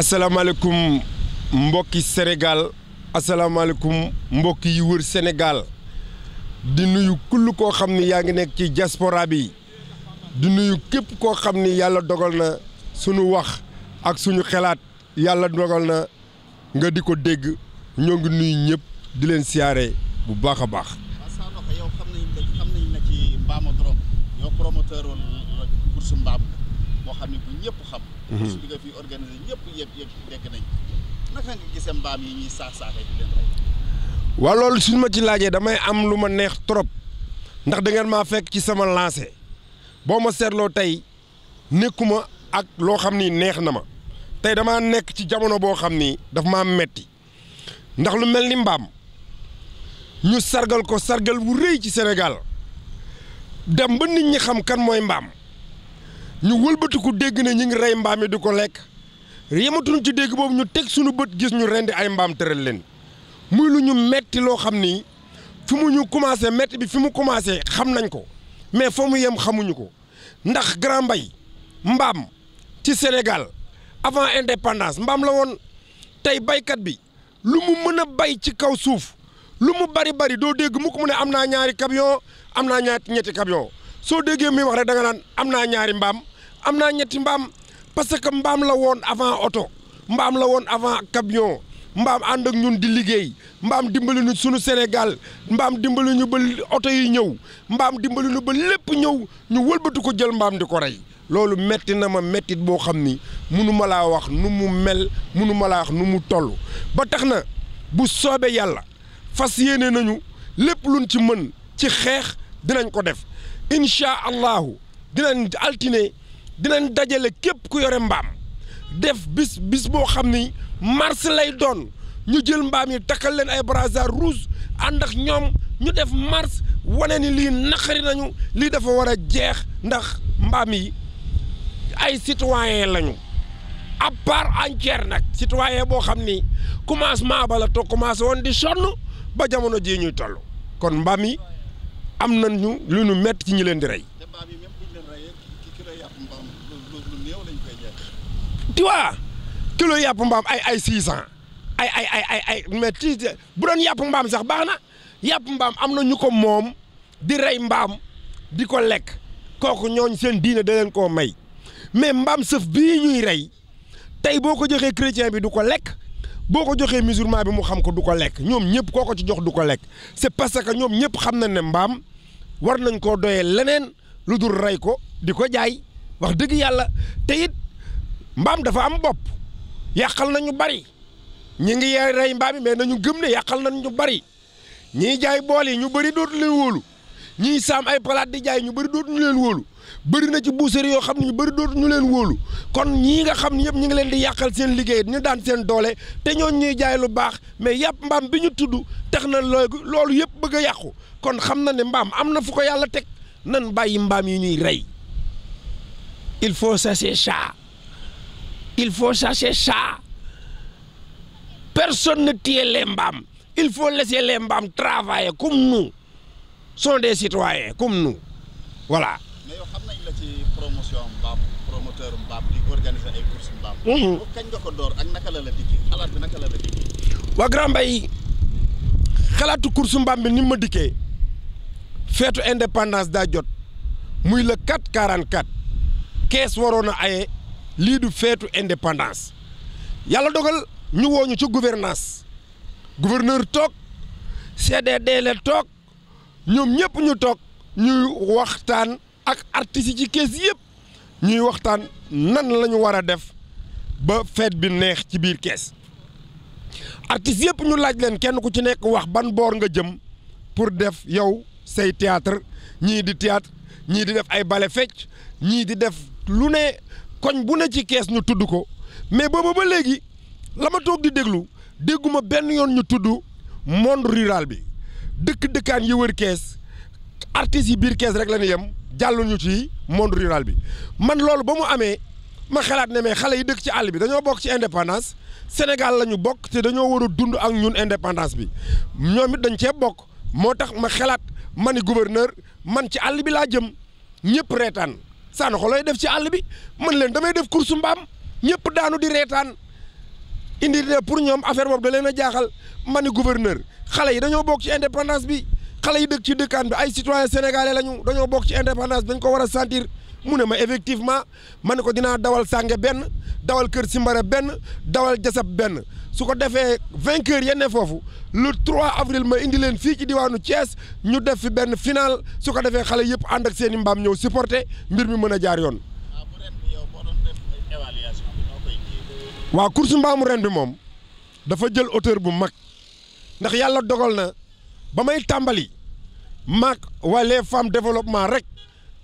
asalaamaaleykum mbokki Sénégal asalaamaaleykum mbokk yi wër senegaal di nuyu kull koo xam ni yaa ngi nekk ci diaspora bi di nuyu képp koo xam ni yàlla dogal na sunu wax ak suñu xalaat yàlla dogal na nga di ko dégg ñoo ngi nuyu ñëpp di leen siyaare bu baax a baax. yow xam nañ boo xam ne bu ñëpp xam. bi mhm. nga ñëpp yëg yëg nañ naka mbaam yi loolu suñ ma ci laajee damay am lu ma neex trop ndax dangeen ma fekk ci sama lancé boo ma seetloo tey nekkuma ak loo xam ni neex na ma tey dama nekk ci jamono boo xam ni daf maa metti ndax lu mel ni mbaam ñu sargal ko sargal bu rëy ci senegal dem ba nit ñi xam kan mooy mbaam. ñu wëlbatiku dégg ne ñu ngi rey mbaam yi di ko lekk yematuñu ci dégg boobu ñu teg suñu bët gis ñu rendi ay mbaam tëral leen muy lu ñu metti loo xam ni fu mu ñu commencé metti bi fu mu commencé xam nañ ko mais foo mu yem xamuñu ko ndax Grand Mbaye mbaam ci Sénégal avant indépendance mbaam la woon tey baykat bi lu mu mën a bay ci kaw suuf lu mu bari bari doo dégg mu ko mu ne am naa ñaari camion am naa ñaar ñetti camion soo déggee muy wax rek da naan am naa ñaari mbaam am naa ñetti mbaam parce que mbaam la woon avant oto mbaam la woon avant camion mbaam ànd ak ñun di liggéey mbaam dimbali nu suñu Sénégal mbaam dimbali ñu ba oto yi ñëw mbaam dimbali ñu ba lépp ñëw ñu wëlbatu ko jël mbaam di ko rey loolu metti na ma mettit boo xam ni mënuma laa wax nu mu mel munu ma laa wax nu mu toll ba tax na bu soobee yàlla fas yéene nañu lépp luñ ci mën ci xeex dinañ ko def incha allahu dinañ altine dinañ dajale képp ku yore mbaam def bis bis boo xam ni mars lay doon ñu jël mbaam yi takkal leen ay brassard rouge ànd ak ñoom ñu def mars wane ni lii naqari nañu lii dafa war a jeex ndax mbaam yi ay citoyen lañu à part entière nag citoyen boo xam ni commencement ba la to commencé woon di sonn ba jamono jii ñuy toll kon mbaam yi am nañu lu ñu metti ci ñi leen di rey. tu vois kilo yàpp mbaam ay ay 600 ay ay ay ay ay mais bu doon yàpp mbaam sax baax na yàpp mbaam am na ñu ko moom di rey mbaam di ko lekk kooku ñooñ seen diine da leen koo may mais mbaam sëf bii ñuy rey tey boo ko joxee chrétien bi du ko lekk. boo ko joxee musulman bi mu xam ko du ko lekk ñoom ñëpp koo ci jox du ko lekk c'est parce que ñoom ñëpp xam na ne mbaam war nañ koo doyee leneen lu dul rey ko di ko jaay wax dëgg yàlla te it mbaam dafa am bopp yàqal nañu bari ñi ngi rey mbaam yi mais nañu gëm ne yàqal nañ ñu bari ñiy jaay bool yi ñu bari dootu leen wóolu ñiy saam ay palaat di jaay ñu bari dootuñu leen wóolu bëri na ci boucherie yoo xam ne ñu bëri dootuñu leen wóolu kon ñii nga xam ne yëpp ñu ngi leen di yàqal seen liggéey ñu daan seen doole te ñooñ ñuy jaay lu baax mais yàpp mbaam bi ñu tudd tax na loolu yëpp bëgg a yàqu kon xam na ne mbaam am na fu yàlla teg nan bàyyi mbaam yi ñuy rey il faut chasser ça il faut chasser ça personne ne tient les mbaam il faut laisser les mbaam travailler comme nous sont des citoyens comme nous voilà. mais yow xam nañ la ci promotion mbaam promoteur mbaam ay courses mbaam. Mhm. boobu kañ xalaat course mbaam bi ni ma dikkee feetu indépendance daa jot muy le 4 44 kees waroon a aye lii du feetu indépendance yàlla dogal ñu wooñu ci gouvernance gouverneur toog CDD la toog. ñoom ñëpp ñu toog ñuy waxtaan ak artistes yi ci kees yëpp ñuy waxtaan nan lañu ñu war a def ba feet bi neex ci biir kees artistes yëpp ñu laaj leen kenn ku ci nekk wax ban boor nga jëm pour def yow say théâtre ñii di théâtre ñii di def ay bale fecc ñii di def lu ne koñ bu ne ci kees ñu tudd ko mais booba ba léegi la ma toog di déglu dégguma benn yoon ñu tudd monde rural bi dëkk dëkkaan yi wër kees artistes yi biir kees rek la ñu yem jàlluñu ci monde rural bi man loolu ba mu amee ma xalaat ne mais xale yi dëkk ci àll bi dañoo bokk ci indépendance Sénégal la ñu bokk te dañoo war dund ak ñun indépendance bi ñoom it dañ cee bokk moo tax ma xalaat ma ni gouverneur man ci àll bi laa jëm ñëpp reetaan Sanokho looy def ci àll bi man leen damay def course mbaam ñëpp daanu di reetaan indi ne pour ñoom affaire boobu da leen a jaaxal ma ni gouverneur xale yi dañoo bokk ci indépendance bi xale yi dëkk ci dëkkaan bi ay citoyen sénégalais lañu dañoo bokk ci indépendance bi dañ ko war a santir mu ne ma effectivement ma ne ko dinaa dawal sànge benn dawal kër simbara benn dawal jasab benn su ko defee vainqueur yenn foofu lu trois avril ma indi leen fii ci diwaanu Thiès ñu def fi benn final su ko defee xale yëpp ànd ak seen i mbaam ñëw supporter mbir mi mën a jaar yoon waaw course mbaamu ren bi moom dafa jël hauteur bu mag ndax yàlla dogal na ba may tàmbali maag waa les femmes développement rek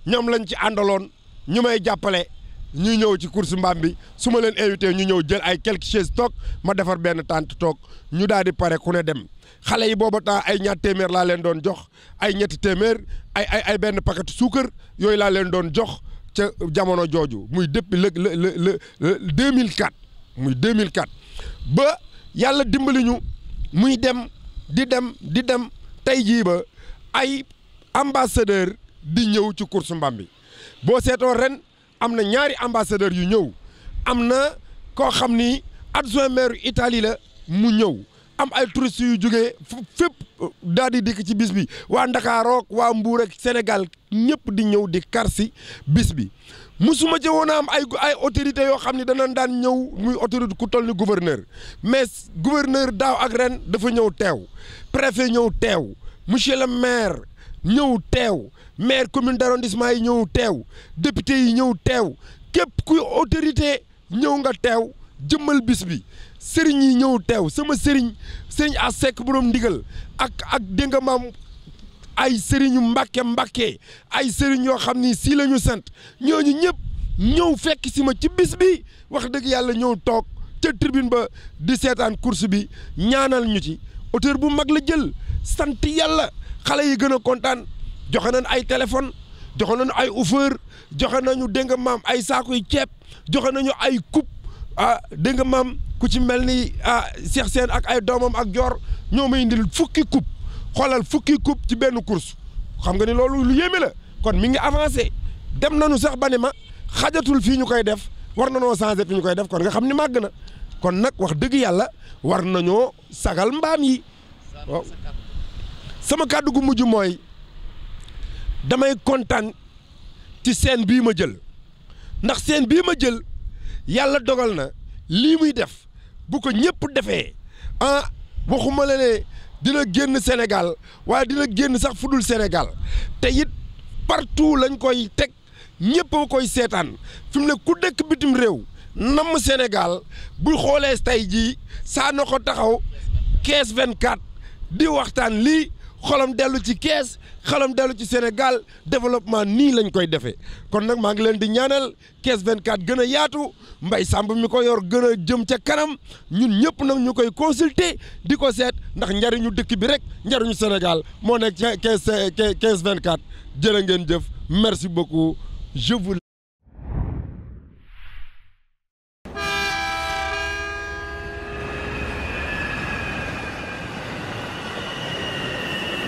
ñoom lañ ci àndaloon ñu may jàppale ñu ñëw ci course mbaam bi suma leen invité ñu ñëw jël ay quelques chaises toog ma defar benn tànt toog ñu daal di pare ku ne dem xale yi booba taa ay ñaar téeméer laa leen doon jox ay ñetti téeméer ay ay benn paquet suukar yooyu laa leen doon jox ca jamono jooju muy dëpp depuis le le le le 2004. muy 2004 ba yàlla dimbali ñu muy dem di dem di dem tey jii ba ay ambassadeur di ñëw ci course Mbambi boo seetoo ren am na ñaari ambassadeur yu ñëw am na koo xam ni adjoint maire Italie la mu ñëw am ay touristes yu jógee fépp daal di dikk ci bis bi waa Ndakaarook waa Mbuur ak Sénégal ñëpp di ñëw di kar si bis bi musuma ci woon a am ay ay autorités yoo xam ne danañ daan ñëw muy autorité ku toll ni gouverneur mais gouverneur daaw ak ren dafa ñëw teew préfet ñëw teew monsieur le maire ñëw teew maire commune d'arrondissement yi ñëw teew député yi ñëw teew képp kuy autorité ñëw nga teew jëmmal bis bi sëriñ yi ñëw teew sama sëriñ sëriñ a sekk borom ndigal ak ak dégg nga maam ay sëriñu mbakke mbàkke ay sëriñ yoo xam ni sii lañu sant ñooñu ñëpp ñëw fekk si ma ci bis bi wax dëgg yàlla ñëw toog ca tirbine ba di seetaan course bi ñaanal ñu ci auteur bu mag la jël sant yàlla xale yi gën a kontaan joxe nañ ay téléphone joxe nañu ay offeur joxe nañu dégg nga maam ay saakuy ceeb joxe nañu ay coupe a ah, dégg nga maam ku ci mel ni ah Cheikh Sène ak ay doomam ak joor ñoo may indil fukki coupe xoolal fukki coupe ci benn course xam nga ni loolu lu yéeme la kon mi ngi avancé dem nañu sax ba ne ma xajatul fii ñu koy def war nañoo changé fi ñu koy def nga xam ni màgg na kon nag wax dëgg yàlla war nañoo sagal mbaam yi waaw sama kàddu gu mujj mooy damay kontaan ci seen bii ma jël ndax seen bii ma jël. yàlla dogal na lii muy def bu ko ñëpp defee ah waxuma la ne dina génn Sénégal waaye dina génn sax fudul Sénégal te it partout lañ koy teg ñëpp koy seetaan fi mu ne ku dëkk bitim réew namm Sénégal bu xoolee tey jii saa na ko taxaw kees 24 di waxtaan lii xolam dellu ci kees xolam dellu ci Sénégal développement nii lañ koy defee kon nag maa ngi leen di ñaanal kees 24 gën a yaatu mbay Samb mi ko yor gën a jëm ca kanam ñun ñëpp nag ñu koy consulter di ko seet ndax njariñu dëkk bi rek njariñu Sénégal moo nekk ca kees kees 24 jërë ngeen jëf merci beaucoup je vous